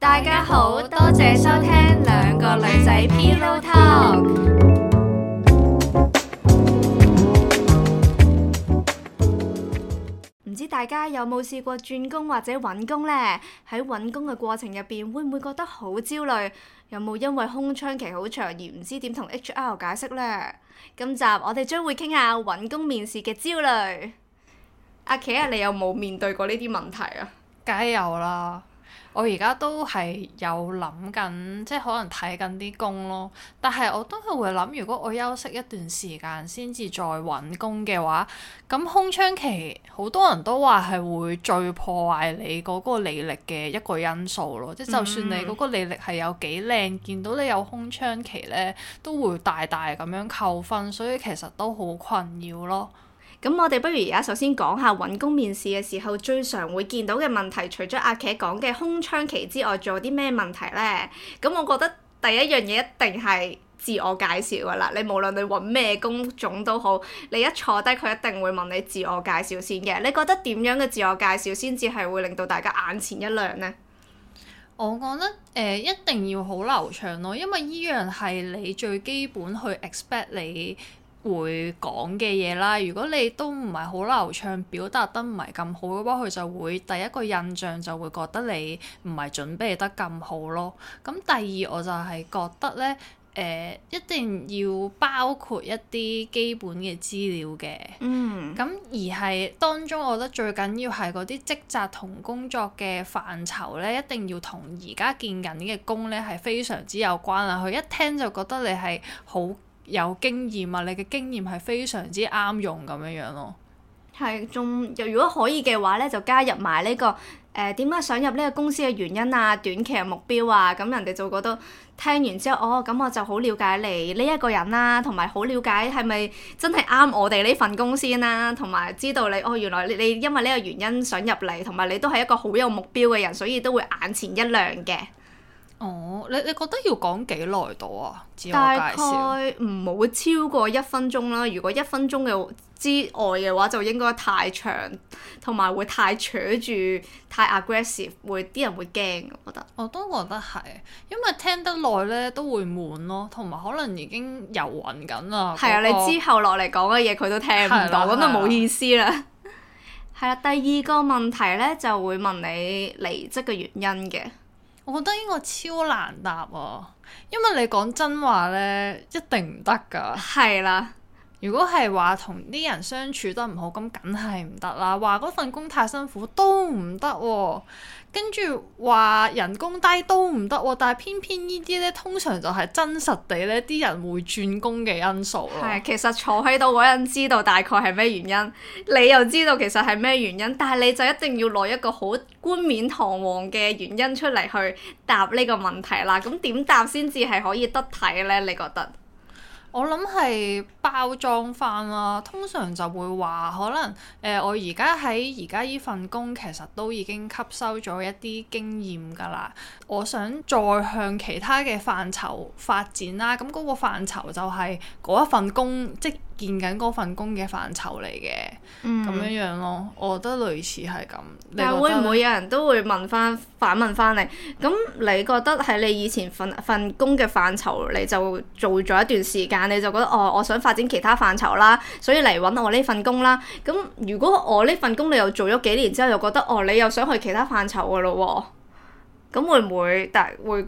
大家好，多謝收聽兩個女仔 Pillow Talk。唔知大家有冇試過轉工或者搵工呢？喺搵工嘅過程入邊，會唔會覺得好焦慮？有冇因為空窗期好長而唔知點同 HR 解釋呢？今集我哋將會傾下搵工面試嘅焦慮。阿琪啊，你有冇面對過呢啲問題啊？梗係有啦。我而家都係有諗緊，即係可能睇緊啲工咯。但係我都係會諗，如果我休息一段時間先至再揾工嘅話，咁空窗期好多人都話係會最破壞你嗰個履歷嘅一個因素咯。即就算你嗰個履歷係有幾靚，Mm-hmm. 見到你有空窗期咧，都會大大咁樣扣分，所以其實都好困擾咯。咁我哋不如而家首先講下揾工面試嘅時候最常會見到嘅問題，除咗阿茄講嘅空窗期之外，仲有啲咩問題呢？咁我覺得第一樣嘢一定係自我介紹噶啦。你無論你揾咩工種都好，你一坐低佢一定會問你自我介紹先嘅。你覺得點樣嘅自我介紹先至係會令到大家眼前一亮呢？我覺得誒一定要好流暢咯，因為依樣係你最基本去 expect 你。會講嘅嘢啦，如果你都唔係好流暢，表達得唔係咁好嘅話，佢就會第一個印象就會覺得你唔係準備得咁好咯。咁第二我就係覺得咧，誒、呃、一定要包括一啲基本嘅資料嘅，咁、mm hmm. 而係當中，我覺得最緊要係嗰啲職責同工作嘅範疇咧，一定要同而家見緊嘅工咧係非常之有關啊。佢一聽就覺得你係好。有經驗啊！你嘅經驗係非常之啱用咁樣樣、啊、咯。係，仲如果可以嘅話咧，就加入埋、這、呢個誒點解想入呢個公司嘅原因啊，短期嘅目標啊，咁人哋就覺得聽完之後，哦，咁我就好了解你呢一個人啦、啊，同埋好了解係咪真係啱我哋呢份工先啦、啊，同埋知道你哦，原來你你因為呢個原因想入嚟，同埋你都係一個好有目標嘅人，所以都會眼前一亮嘅。哦，你、oh, 你覺得要講幾耐到啊？自我介紹。大概唔好超過一分鐘啦。如果一分鐘嘅之外嘅話，就應該太長，同埋會太扯住，太 aggressive，會啲人會驚，我覺得。我都覺得係，因為聽得耐咧都會悶咯，同埋可能已經遊魂緊啦。係啊，那個、你之後落嚟講嘅嘢，佢都聽唔到，咁、啊啊、就冇意思啦。係 啦、啊，第二個問題咧就會問你離職嘅原因嘅。我覺得呢個超難答啊，因為你講真話呢，一定唔得噶。係啦，如果係話同啲人相處得唔好，咁梗係唔得啦。話嗰份工太辛苦都唔得喎。跟住話人工低都唔得喎，但係偏偏呢啲咧，通常就係真實地咧，啲人會轉工嘅因素咯。係，其實坐喺度嗰人知道大概係咩原因，你又知道其實係咩原因，但係你就一定要攞一個好冠冕堂皇嘅原因出嚟去答呢個問題啦。咁點答先至係可以得體咧？你覺得？我諗係包裝翻啦，啊，通常就會話可能誒，呃，我而家喺而家依份工其實都已經吸收咗一啲經驗㗎啦，我想再向其他嘅範疇發展啦，啊，咁嗰個範疇就係嗰一份工即。見緊嗰份工嘅範疇嚟嘅，咁樣、嗯、樣咯，我覺得類似係咁。但係會唔會有人都會問翻反問翻你？咁你覺得喺你以前份份工嘅範疇你就做咗一段時間，你就覺得哦，我想發展其他範疇啦，所以嚟揾我呢份工啦。咁如果我呢份工你又做咗幾年之後，又覺得哦，你又想去其他範疇噶咯喎？咁會唔會，但係會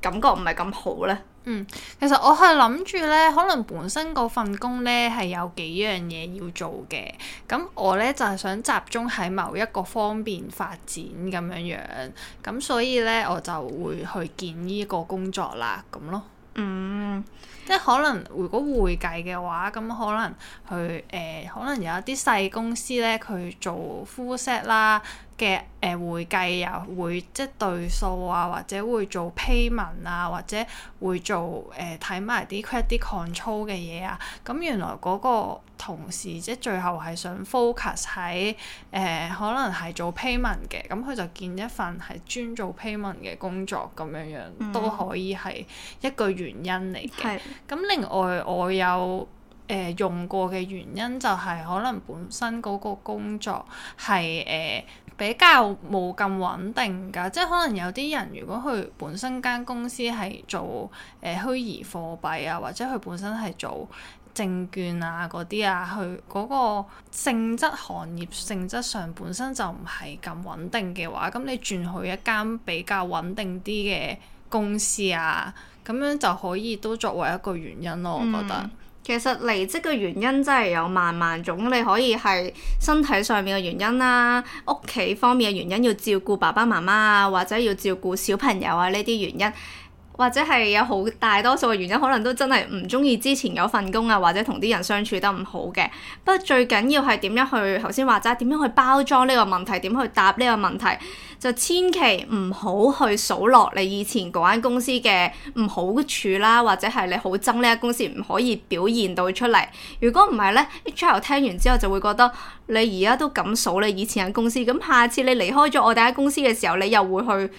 感覺唔係咁好呢？嗯，其實我係諗住咧，可能本身嗰份工咧係有幾樣嘢要做嘅，咁我咧就係、是、想集中喺某一個方面發展咁樣樣，咁所以咧我就會去見呢個工作啦，咁咯。嗯，即係可能如果會計嘅話，咁可能去誒、呃，可能有一啲細公司咧，佢做 full set 啦。嘅誒、呃、會計又會即係對數啊，或者會做 payment 啊，或者會做誒睇埋啲 credit control 嘅嘢啊。咁原來嗰個同事即係最後係想 focus 喺誒、呃、可能係做 payment 嘅，咁佢就見一份係專做 payment 嘅工作咁樣樣都可以係一個原因嚟嘅。咁、mm hmm。另外我有誒、呃、用過嘅原因就係可能本身嗰個工作係誒、呃比較冇咁穩定㗎，即係可能有啲人如果佢本身間公司係做誒、呃、虛擬貨幣啊，或者佢本身係做證券啊嗰啲啊，佢嗰個性質行業性質上本身就唔係咁穩定嘅話，咁你轉去一間比較穩定啲嘅公司啊，咁樣就可以都作為一個原因咯，我覺得。其實離職嘅原因真係有萬萬種，你可以係身體上面嘅原因啦，屋企方面嘅原因要照顧爸爸媽媽啊，或者要照顧小朋友啊，呢啲原因。或者係有好大多數嘅原因，可能都真係唔中意之前嗰份工啊，或者同啲人相處得唔好嘅。不過最緊要係點樣去頭先話齋，點樣去包裝呢個問題，點去答呢個問題，就千祈唔好去數落你以前嗰間公司嘅唔好處啦，或者係你好憎呢間公司唔可以表現到出嚟。如果唔係呢，HR 聽完之後就會覺得你而家都咁數你以前間公司，咁下次你離開咗我哋間公司嘅時候，你又會去，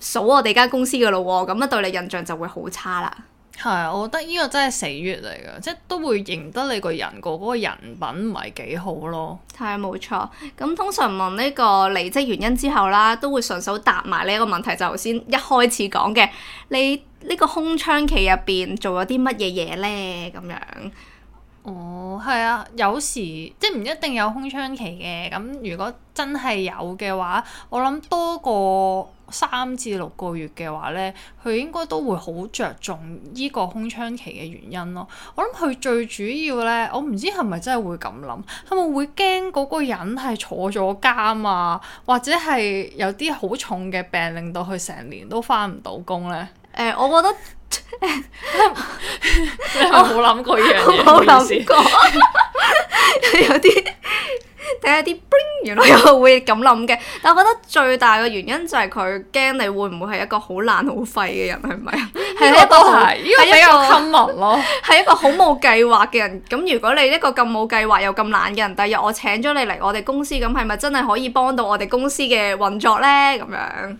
數我哋間公司嘅咯，咁啊對你印象就會好差啦。係啊，我覺得呢個真係死穴嚟噶，即係都會認得你個人個嗰個人品唔係幾好咯。係啊，冇錯。咁通常問呢個離職原因之後啦，都會順手答埋呢一個問題，就頭先一開始講嘅，你呢個空窗期入邊做咗啲乜嘢嘢呢？咁樣。哦，係啊，有時即係唔一定有空窗期嘅。咁如果真係有嘅話，我諗多個三至六個月嘅話呢，佢應該都會好着重依個空窗期嘅原因咯。我諗佢最主要呢，我唔知係咪真係會咁諗，係咪會驚嗰個人係坐咗監啊，或者係有啲好重嘅病令到佢成年都翻唔到工呢？誒、呃，我覺得 你冇諗過依樣嘢，冇諗過 有啲點。 睇下啲，bring 原來又會咁諗嘅。但我覺得最大嘅原因就係佢驚你會唔會係一個好懶好廢嘅人，係咪啊？係咯，都係，呢個比較 common 咯，係一個好冇計劃嘅人。咁 如果你一個咁冇計劃又咁懶嘅人，第日我請咗你嚟我哋公司咁，係咪真係可以幫到我哋公司嘅運作呢？咁樣。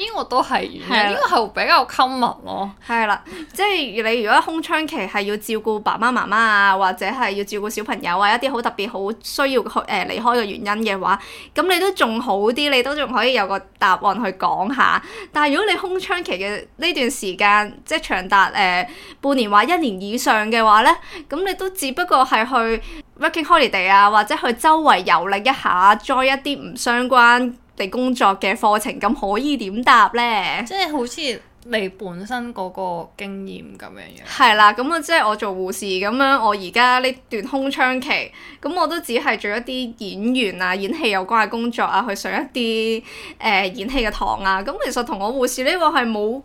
呢個都係，呢的個係比較襟密咯。係啦，即係你如果空窗期係要照顧爸爸媽媽啊，或者係要照顧小朋友啊，一啲好特別好需要去誒離開嘅原因嘅話，咁你都仲好啲，你都仲可以有個答案去講下。但係如果你空窗期嘅呢段時間即係長達誒、呃、半年或一年以上嘅話咧，咁你都只不過係去 working holiday 啊，或者去周圍遊歷一下，做一啲唔相關。工作嘅課程咁可以點答呢？即係好似你本身嗰個經驗咁樣樣。係啦，咁啊，即係我做護士咁樣，我而家呢段空窗期，咁我都只係做一啲演員啊、演戲有關嘅工作啊，去上一啲誒、呃、演戲嘅堂啊。咁其實同我護士呢個係冇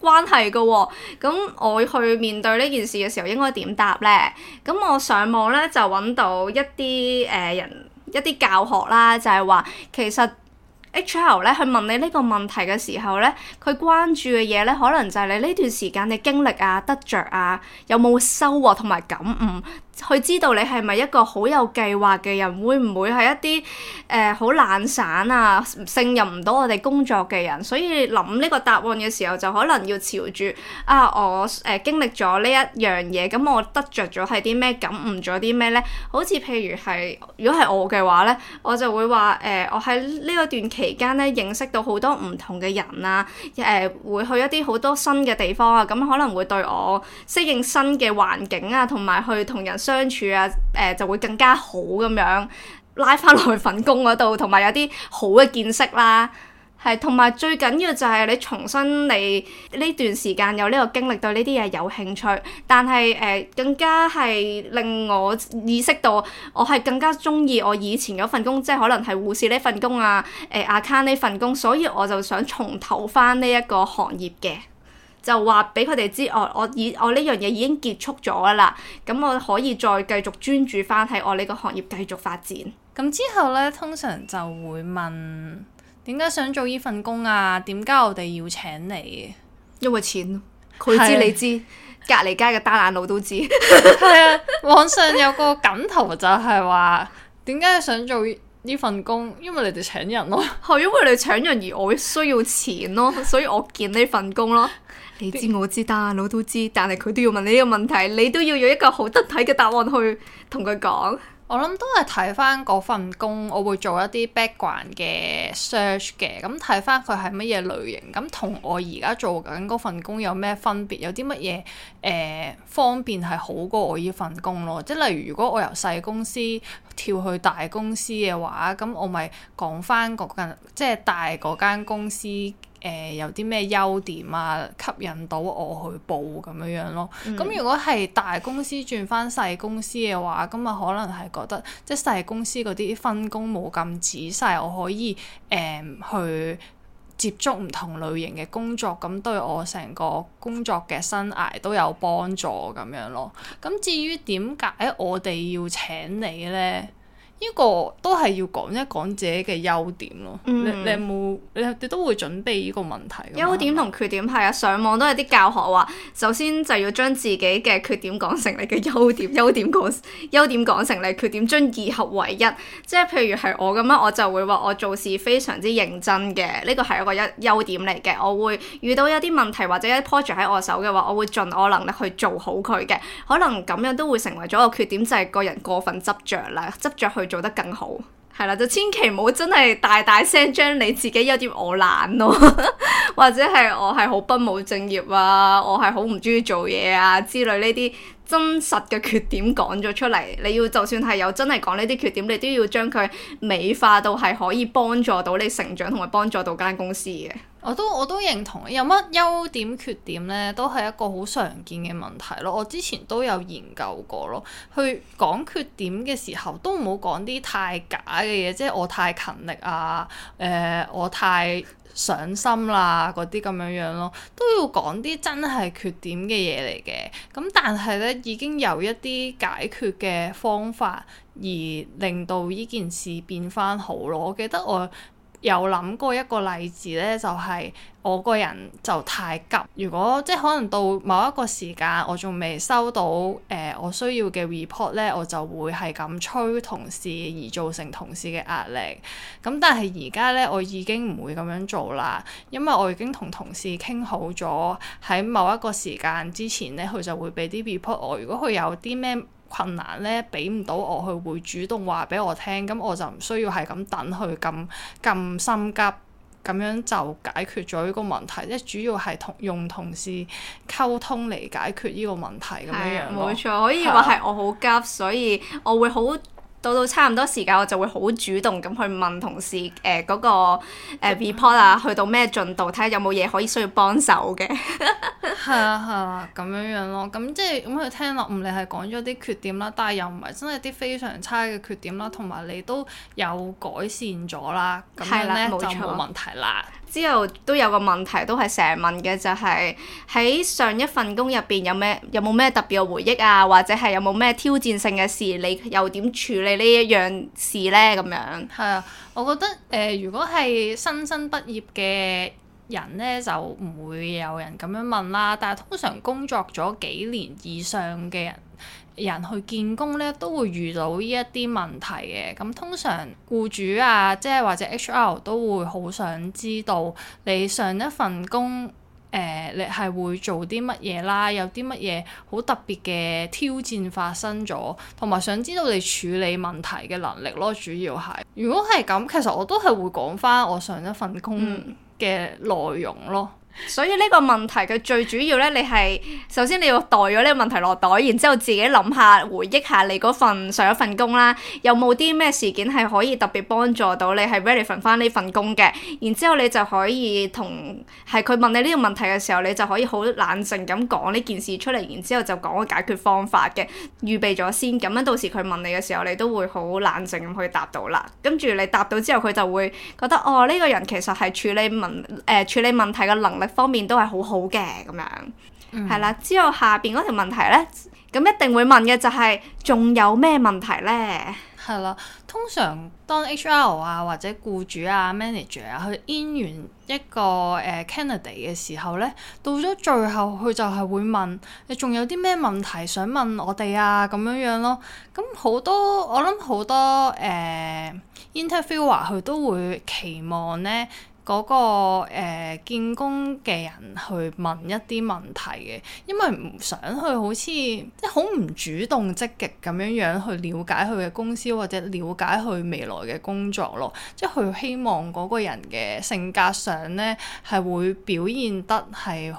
關係嘅喎、哦。咁我去面對呢件事嘅時候，應該點答呢？咁我上網呢，就揾到一啲誒、呃、人一啲教學啦，就係、是、話其實。H.R. 咧去問你呢個問題嘅時候咧，佢關注嘅嘢咧，可能就係你呢段時間嘅經歷啊、得着啊、有冇收穫同埋感悟。去知道你係咪一個好有計劃嘅人，會唔會係一啲誒好懶散啊，勝任唔到我哋工作嘅人？所以諗呢個答案嘅時候，就可能要朝住啊，我誒、呃、經歷咗呢一樣嘢，咁我得着咗係啲咩，感悟咗啲咩咧？好似譬如係如果係我嘅話咧，我就會話誒、呃、我喺呢一段期間咧，認識到好多唔同嘅人啊，誒、呃、會去一啲好多新嘅地方啊，咁可能會對我適應新嘅環境啊，同埋去同人。相處啊，誒、呃、就會更加好咁樣拉翻落去份工嗰度，同埋有啲好嘅見識啦，係同埋最緊要就係你重新你呢段時間有呢個經歷，對呢啲嘢有興趣，但係誒、呃、更加係令我意識到我係更加鍾意我以前嗰份工，即係可能係護士呢份工啊，誒 account 呢份工，所以我就想重投翻呢一個行業嘅。就話俾佢哋知，我我已我呢樣嘢已經結束咗啦，咁我可以再繼續專注翻喺我呢個行業繼續發展。咁之後呢，通常就會問點解想做呢份工啊？點解我哋要請你？因為錢，佢知是你知，隔籬街嘅單眼佬都知。係 啊，網上有個梗圖就係話，點解想做呢份工？因為你哋請人咯，啊。係 因為你請人而我需要錢咯，所以我見呢份工咯。你知我知，大佬都知，但係佢都要問你呢個問題，你都要有一個好得體嘅答案去同佢講。我諗都係睇翻份工，我會做一啲 background 嘅 search 嘅，咁睇翻佢係乜嘢類型，咁同我而家做緊份工有咩分別？有啲乜嘢誒方便係好過我呢份工咯？即係例如，如果我由細公司跳去大公司嘅話，咁我咪講翻嗰間，即係大嗰間公司。誒、呃、有啲咩優點啊，吸引到我去報咁樣樣咯。咁、嗯、如果係大公司轉翻細公司嘅話，咁啊可能係覺得即係細公司嗰啲分工冇咁仔細，我可以誒、呃、去接觸唔同類型嘅工作，咁對我成個工作嘅生涯都有幫助咁樣咯。咁至於點解我哋要請你咧？呢個都係要講一講自己嘅優點咯。嗯、你你有冇你你都會準備呢個問題？優點同缺點係啊！上網都有啲教學話，首先就要將自己嘅缺點講成你嘅優點 優點講，優點講成你缺點，將二合為一。即係譬如係我咁樣，我就會話我做事非常之認真嘅，呢個係一個一優點嚟嘅。我會遇到一啲問題或者一啲 project 喺我手嘅話，我會盡我能力去做好佢嘅。可能咁樣都會成為咗個缺點就係、是、個人過分執著啦，執著去。做得更好，係啦，就千祈唔好真係大大聲將你自己有啲我懶咯， 或者係我係好不務正業啊，我係好唔中意做嘢啊之類呢啲真實嘅缺點講咗出嚟。你要就算係有真係講呢啲缺點，你都要將佢美化到係可以幫助到你成長同埋幫助到間公司嘅。我都我都認同，有乜優點缺點呢？都係一個好常見嘅問題咯。我之前都有研究過咯，去講缺點嘅時候，都唔好講啲太假嘅嘢，即係我太勤力啊，誒、呃、我太上心啦嗰啲咁樣樣咯，都要講啲真係缺點嘅嘢嚟嘅。咁但係呢，已經有一啲解決嘅方法，而令到依件事變翻好咯。我記得我。有諗過一個例子呢，就係、是、我個人就太急。如果即係可能到某一個時間，我仲未收到誒、呃、我需要嘅 report 呢，我就會係咁催同事，而造成同事嘅壓力。咁但係而家呢，我已經唔會咁樣做啦，因為我已經同同事傾好咗喺某一個時間之前呢，佢就會俾啲 report 我。如果佢有啲咩困難咧，俾唔到我佢，會主動話俾我聽，咁我就唔需要係咁等佢咁咁心急，咁樣就解決咗呢個問題。即係主要係同用同事溝通嚟解決呢個問題咁樣、哎、呀樣。冇錯，可以話係我好急，的所以我會好。到到差唔多時間，我就會好主動咁去問同事誒嗰、呃嗰個誒、 呃、report 啊，去到咩進度，睇下有冇嘢可以需要幫手嘅。係啊係啊，咁、啊、樣樣咯。咁即係咁佢聽落，唔理係講咗啲缺點啦，但係又唔係真係啲非常差嘅缺點啦，同埋你都有改善咗啦。係啦，冇錯，冇問題啦。之後都有個問題，都係成日問嘅，就係、是、喺上一份工入邊有咩有冇咩特別嘅回憶啊，或者係有冇咩挑戰性嘅事，你又點處理呢一樣事呢？咁樣，係啊，我覺得誒、呃，如果係新生畢業嘅人呢，就唔會有人咁樣問啦。但係通常工作咗幾年以上嘅人。人去見工咧，都會遇到呢一啲問題嘅。咁通常僱主啊，即係或者 HR 都會好想知道你上一份工，誒、呃，你係會做啲乜嘢啦，有啲乜嘢好特別嘅挑戰發生咗，同埋想知道你處理問題嘅能力咯。主要係，如果係咁，其實我都係會講返我上一份工嘅內容咯。嗯。所以呢個問題，佢最主要咧，你係首先你要袋咗呢個問題落袋，然之後自己諗下，回憶下你嗰份上一份工啦，有冇啲咩事件係可以特別幫助到你係 ready 翻呢份工嘅。然之後你就可以同係佢問你呢個問題嘅時候，你就可以好冷靜咁講呢件事出嚟，然之後就講個解決方法嘅預備咗先，咁樣到時佢問你嘅時候，你都會好冷靜咁去答到啦。跟住你答到之後，佢就會覺得哦、呢，這個人其實係處理問、誒、呃、處理問題嘅能力。方面都係好好嘅咁樣，係啦、嗯。之後下邊嗰條問題咧，咁一定會問嘅就係仲有咩問題呢？係啦，通常當 HR 啊或者僱主啊、manager 啊去 interview 一個誒 candidate 嘅時候呢，到咗最後佢就係會問你仲有啲咩問題想問我哋啊咁樣樣咯。咁好多我諗好多誒、呃、interviewer 佢都會期望呢。嗰個、呃、見工嘅人去問一啲問題嘅，因為唔想去好似即係好唔主動積極咁樣樣去了解佢嘅公司或者了解佢未來嘅工作咯，即係佢希望嗰個人嘅性格上呢係會表現得係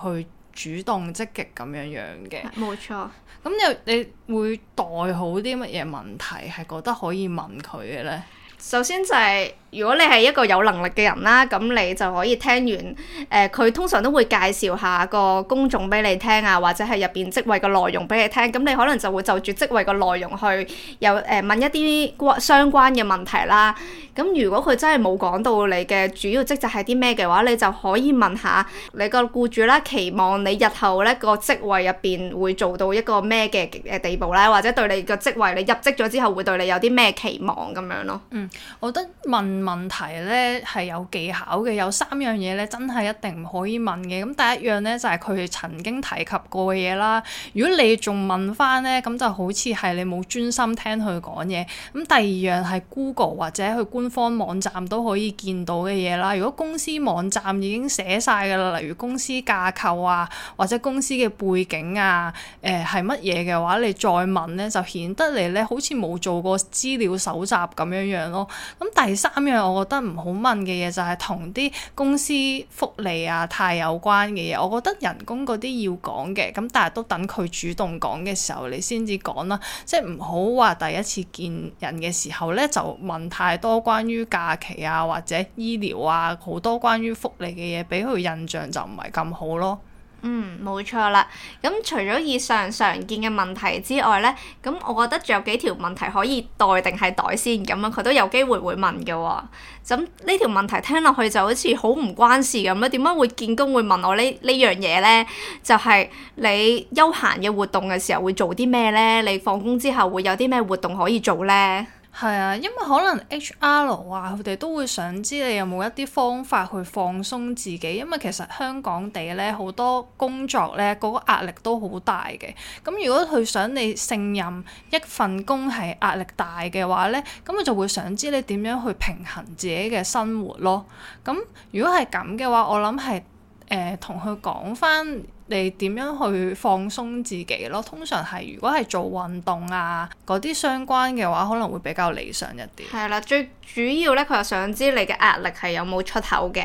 去主動積極咁樣樣嘅。冇錯。咁你你會代好啲乜嘢問題係覺得可以問佢嘅呢？首先就係、是、如果你係一個有能力嘅人啦，咁你就可以聽完誒，佢、呃、通常都會介紹下個公眾俾你聽啊，或者係入邊職位嘅內容俾你聽。咁你可能就會就住職位嘅內容去有誒、呃、問一啲關相關嘅問題啦。咁如果佢真係冇講到你嘅主要職責係啲咩嘅話，你就可以問下你個僱主啦，期望你日後呢個職位入邊會做到一個咩嘅誒地步啦，或者對你個職位你入職咗之後會對你有啲咩期望咁樣咯。嗯。我覺得問問題咧係有技巧嘅，有三樣嘢咧真係一定唔可以問嘅。咁第一樣咧就係佢曾經提及過嘅嘢啦。如果你仲問翻咧，咁就好似係你冇專心聽佢講嘢。咁第二樣係 Google 或者佢官方網站都可以見到嘅嘢啦。如果公司網站已經寫晒㗎啦，例如公司架構啊，或者公司嘅背景啊，誒係乜嘢嘅話，你再問咧就顯得嚟咧好似冇做過資料搜集咁樣樣咯。咁第三樣我覺得唔好問嘅嘢就係同啲公司福利啊太有關嘅嘢，我覺得人工嗰啲要講嘅，咁但係都等佢主動講嘅時候你先至講啦，即係唔好話第一次見人嘅時候咧就問太多關於假期啊或者醫療啊好多關於福利嘅嘢，俾佢印象就唔係咁好咯。嗯，冇錯啦。咁除咗以上常見嘅問題之外咧，咁我覺得仲有幾條問題可以袋定係袋先，咁樣佢都有機會會問嘅、哦。咁呢條問題聽落去就好似好唔關事咁樣，點解會見工會問我呢呢樣嘢咧？就係、是、你休閒嘅活動嘅時候會做啲咩咧？你放工之後會有啲咩活動可以做咧？係啊，因為可能 HR 啊，佢哋都會想知你有冇一啲方法去放鬆自己，因為其實香港地咧，好多工作咧，嗰個壓力都好大嘅。咁如果佢想你勝任一份工係壓力大嘅話咧，咁佢就會想知你點樣去平衡自己嘅生活咯。咁如果係咁嘅話，我諗係誒同佢講返。呃你點樣去放鬆自己咯？通常係如果係做運動啊嗰啲相關嘅話，可能會比較理想一啲。係啦，最主要呢，佢又想知你嘅壓力係有冇出口嘅。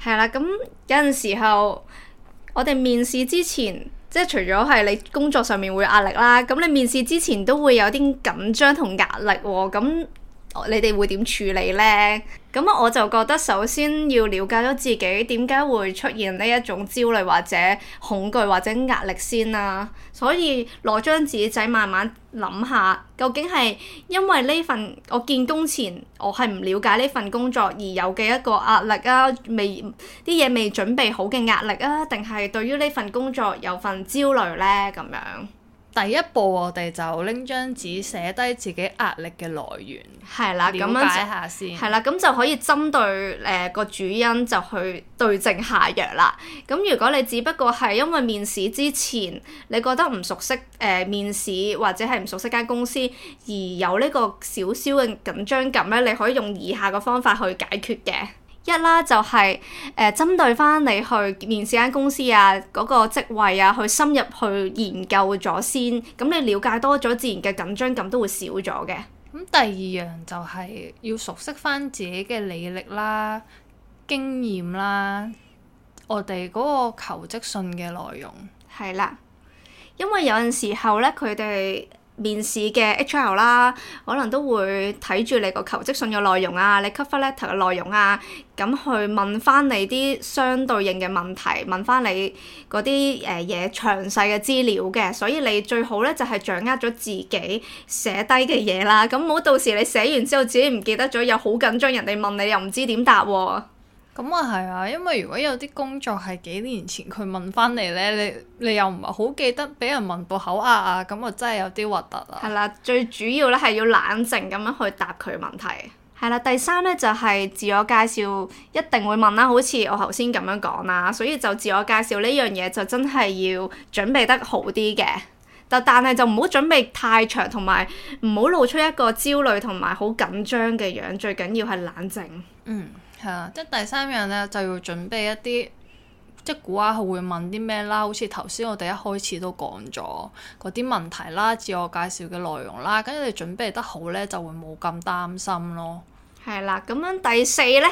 係啦，咁有陣時候，我哋面試之前，即係除咗係你工作上面會壓力啦，咁你面試之前都會有啲緊張同壓力喎。咁你哋會點處理呢？咁我就覺得首先要了解咗自己點解會出現呢一種焦慮或者恐懼或者壓力先啦。所以攞張紙仔慢慢諗下，究竟係因為呢份我見工前我係唔了解呢份工作而有嘅一個壓力啊，未啲嘢未準備好嘅壓力啊，定係對於呢份工作有份焦慮呢？咁樣。第一步我哋就拎張紙寫低自己壓力嘅來源，係啦，咁樣寫下先。係啦，咁就可以針對誒、呃、個主因就去對症下藥啦。咁如果你只不過係因為面試之前你覺得唔熟悉誒、呃、面試或者係唔熟悉間公司而有呢個少少嘅緊張感咧，你可以用以下嘅方法去解決嘅。一啦，就係、是、誒、呃、針對翻你去面試間公司啊，嗰、那個職位啊，去深入去研究咗先。咁、嗯、你了解多咗，自然嘅緊張感都會少咗嘅。咁第二樣就係要熟悉翻自己嘅履歷、歷啦、經驗啦，我哋嗰個求職信嘅內容係啦，因為有陣時候咧，佢哋面試嘅 HR 啦，可能都會睇住你個求職信嘅內容啊，你 cover letter 嘅內容啊，咁去問翻你啲相對應嘅問題，問翻你嗰啲誒嘢詳細嘅資料嘅，所以你最好咧就係、是、掌握咗自己寫低嘅嘢啦，咁冇到時你寫完之後自己唔記得咗，又好緊張，人哋問你又唔知點答喎、啊。咁啊係啊，因為如果有啲工作係幾年前佢問翻嚟，咧，你你又唔係好記得，俾人問到口啞啊，啊，咁啊真係有啲核突啊。係啦，最主要咧係要冷靜咁樣去答佢問題。係啦，第三咧就係自我介紹，一定會問啦，好似我頭先咁樣講啦，所以就自我介紹呢樣嘢就真係要準備得好啲嘅。但就但係就唔好準備太長，同埋唔好露出一個焦慮同埋好緊張嘅樣，最緊要係冷靜。嗯。係啦，即第三樣咧，就要準備一啲，即估下佢會問啲咩啦，好似頭先我哋一開始都講咗嗰啲問題啦、自我介紹嘅內容啦，跟住你準備得好咧，就會冇咁擔心咯。係啦，咁樣第四咧，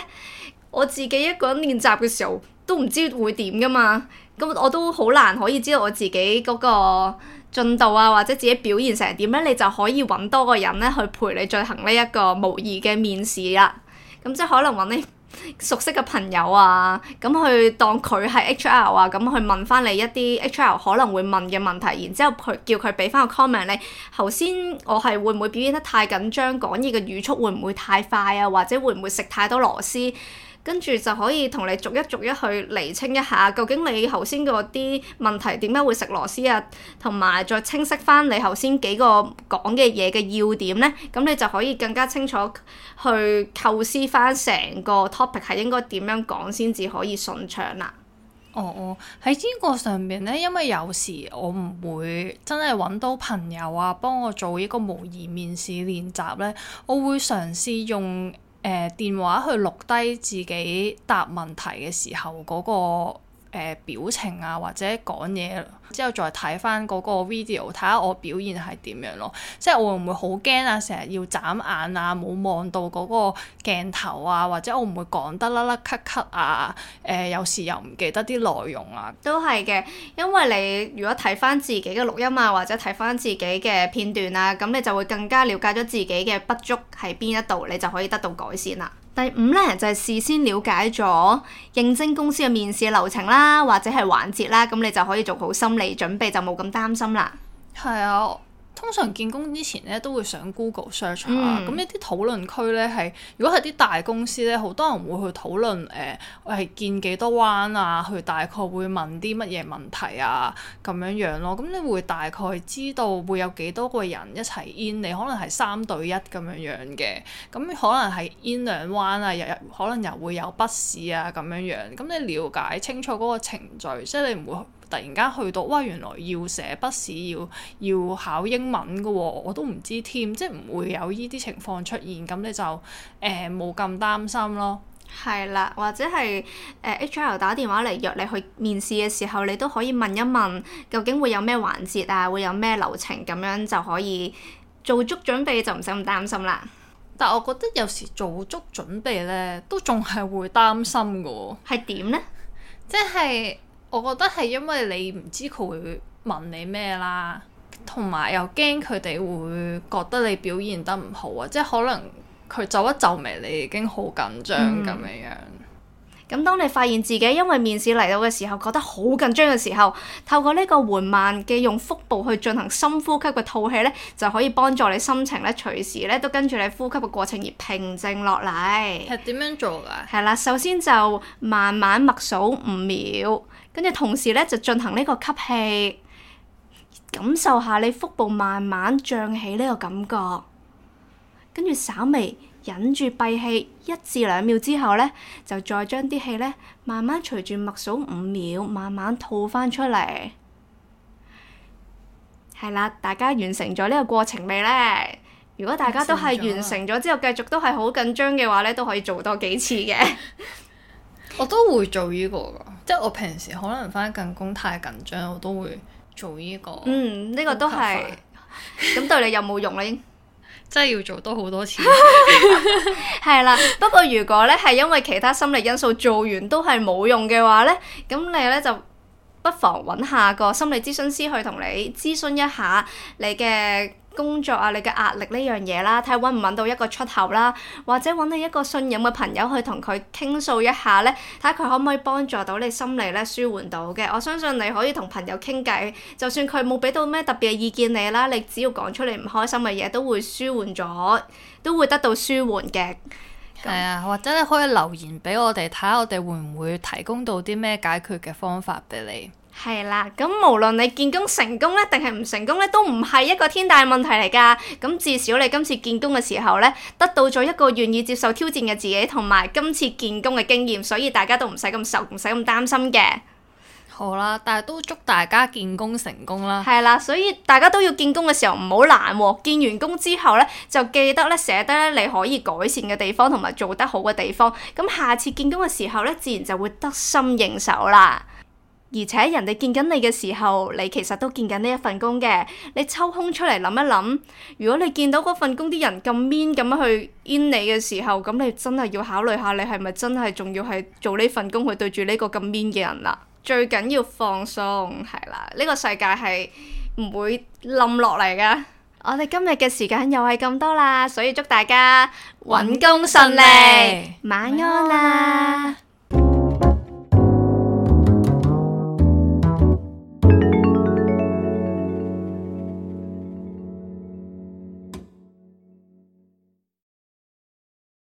我自己一個人練習嘅時候都唔知會點噶嘛，咁我都好難可以知道我自己嗰個進度啊，或者自己表現成點咧，你就可以揾多個人咧去陪你進行呢一個模擬嘅面試啦、啊。咁即係可能揾啲熟悉嘅朋友啊，咁去當佢係 HR 啊，咁去問翻你一啲 HR 可能會問嘅問題，然之後佢叫佢俾翻個 comment 你。頭先我係會唔會表現得太緊張，講嘢嘅語速會唔會太快啊，或者會唔會食太多螺絲？跟住就可以同你逐一逐一去厘清一下，究竟你頭先嗰啲問題點解會食螺絲啊？同埋再清晰翻你頭先幾個講嘅嘢嘅要點咧，咁你就可以更加清楚去構思翻成個 topic 係應該點樣講先至可以順暢啦。哦，哦哦，喺呢個上面咧，因為有時我唔會真係揾到朋友啊幫我做呢個模擬面試練習咧，我會嘗試用誒、呃、電話去錄低自己答問題嘅時候嗰、嗰個。誒、呃、表情啊，或者講嘢之後再睇翻嗰個 video，睇下我表現係點樣咯，即係我會唔會好驚啊？成日要眨眼啊，冇望到嗰個鏡頭啊，或者我唔會講得甩甩咳咳啊？誒、呃，有時又唔記得啲內容啊，都係嘅。因為你如果睇翻自己嘅錄音啊，或者睇翻自己嘅片段啊，咁你就會更加了解咗自己嘅不足喺邊一度，你就可以得到改善啦。第五呢，就係、是、事先了解咗應徵公司嘅面試流程啦，或者係環節啦，咁你就可以做好心理準備，就冇咁擔心啦。係啊。通常見工之前咧都會上 Google search 下，咁一啲討論區咧係，如果係啲大公司咧，好多人會去討論，誒、呃、係見幾多彎啊，佢大概會問啲乜嘢問題啊咁樣樣咯。咁你會大概知道會有幾多個人一齊 in，你可能係三對一咁樣樣嘅，咁可能係 in 兩彎啊，又可能又會有筆試啊咁樣樣。咁你了解清楚嗰個程序，即係你唔會，突然間去到，哇！原來要寫筆試，要要考英文㗎喎、哦，我都唔知添，即係唔會有依啲情況出現，咁你就誒冇咁擔心咯。係啦，或者係誒、呃、HR 打電話嚟約你去面試嘅時候，你都可以問一問，究竟會有咩環節啊，會有咩流程咁樣就可以做足準備，就唔使咁擔心啦。但我覺得有時做足準備呢，都仲係會擔心嘅。係點呢？即係。我覺得係因為你唔知佢會問你咩啦，同埋又驚佢哋會覺得你表現得唔好啊。即係可能佢皺一皺眉，你已經好緊張咁樣、嗯、樣。咁、嗯、當你發現自己因為面試嚟到嘅時候覺得好緊張嘅時候，透過呢個緩慢嘅用腹部去進行深呼吸嘅吐氣咧，就可以幫助你心情咧隨時咧都跟住你呼吸嘅過程而平靜落嚟。係點樣做㗎？係啦，首先就慢慢默數五秒。跟住同時咧，就進行呢個吸氣，感受下你腹部慢慢漲起呢個感覺。跟住稍微忍住閉氣一至兩秒之後呢，就再將啲氣呢慢慢隨住默數五秒，慢慢吐翻出嚟。係啦，大家完成咗呢個過程未呢？如果大家都係完成咗之後，繼續都係好緊張嘅話呢，都可以做多幾次嘅。 我都會做呢個㗎，即係我平時可能返緊工太緊張，我都會做呢個。嗯，呢、呢個都係，咁 對你有冇用咧？ 真係要做多好多次，係啦。不過如果咧係因為其他心理因素做完都係冇用嘅話咧，咁你咧就，不妨揾下個心理諮詢師去同你諮詢一下你嘅工作啊，你嘅壓力呢樣嘢啦，睇揾唔揾到一個出口啦，或者揾你一個信任嘅朋友去同佢傾訴一下呢，睇下佢可唔可以幫助到你心理咧舒緩到嘅。我相信你可以同朋友傾偈，就算佢冇俾到咩特別嘅意見你啦，你只要講出你唔開心嘅嘢，都會舒緩咗，都會得到舒緩嘅。係啊，或者你可以留言俾我哋睇下，看看我哋會唔會提供到啲咩解決嘅方法俾你。係啦，咁無論你見工成功咧，定係唔成功咧，都唔係一個天大嘅問題嚟噶。咁至少你今次見工嘅時候咧，得到咗一個願意接受挑戰嘅自己，同埋今次見工嘅經驗，所以大家都唔使咁愁，唔使咁擔心嘅。好啦，但係都祝大家見工成功啦。係啦，所以大家都要見工嘅時候唔好難喎。見完工之後呢，就記得呢寫低呢你可以改善嘅地方同埋做得好嘅地方。咁下次見工嘅時候呢，自然就會得心應手啦。而且人哋見緊你嘅時候，你其實都見緊呢一份工嘅。你抽空出嚟諗一諗，如果你見到嗰份工啲人咁 mean 咁去 in 你嘅時候，咁你真係要考慮下你係咪真係仲要係做呢份工去對住呢個咁 mean 嘅人啦。最緊要放鬆，係啦！呢個世界係唔會冧落嚟㗎。我哋今日嘅時間又係咁多啦，所以祝大家揾工順利，晚安啦！